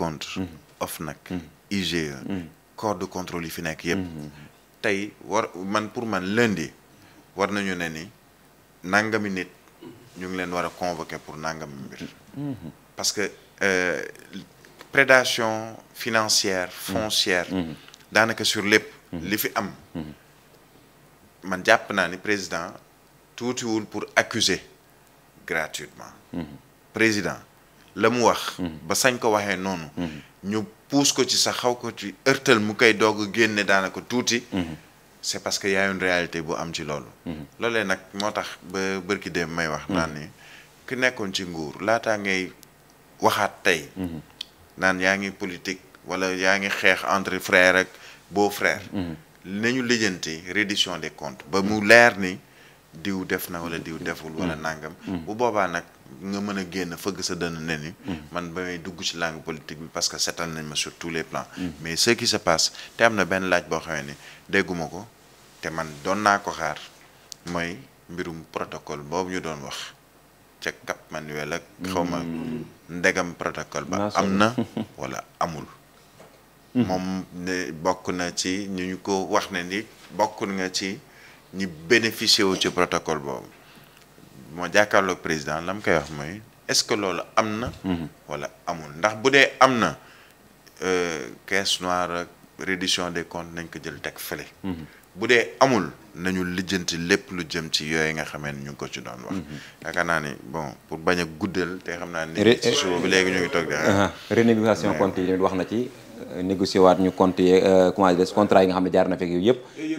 compte mm-hmm. OFNAC mm-hmm. IGE mm-hmm. corps de contrôle yi fi nekk yëpp tey war man pour man lundi war nañu ne ni nangami nit ñu ngi leen war a convoquer pour nangami mbir parce que euh, prédation financière foncière daanaka sur lépp li fi am man jàpp naa ni président tuutiwul pour accuser gratuitement président la mu wax. Mhm. ba sañ ko waxee noonu. Mhm. ñu puus ko ci sax xaw ko ci ërtal mu koy doog a génne daanaka tuuti. Mhm. c'est parce que yaa une réalité boo am ci loolu. loolee nag moo tax ba bërki dem may wax. naan ni ki nekkoon ci nguur laataa ngay waxaat tey. naan yaa ngi politique wala yaa ngi xeex entre frère ak beau frère. nañu lijjanti reddition des comptes ba mu leer ni diw def na wala diw deful. wala nangam. bu boobaa nag. nga mën a génn fëgg sa dënn ne ni mm. man ba may dugg ci langue politique bi parce que seetal nañ ma sur tous les plans mm. mais ce qui se passe te am na benn laaj boo xamee ni dégguma ko te man doon naa ko xaar mooy mbirum protocole boobu ñu doon wax ca Cap Manuel ak mm. xaw ma ndegam protocole ba am na wala amul moom ne bokk na ci ñu ko wax ne ni bokk nga ci ñi bénéficié wu ci protocole boobu moo jàkkaarloog président la mu koy wax mooy est-ce que loolu am na. Mhm. wala amul ndax bu dee am na euh, caisse noire ak réduction de comptes nañ ko jël teg fële. Mhm. bu dee amul nañu lijjanti lépp lu jëm ci yooyu nga xamee ni ñu ngi ko ci doon wax. Mhm. yaakaar naa ni bon pour bañ a guddal te xam naa ni. ci suba bi léegi ñu ngi toog de. Uh-huh. renégociation compte yi wax na ci euh, négocier waat ñu compte yi euh, comment dire contrat yi nga xam ne jaar na fekk yooyu yëpp.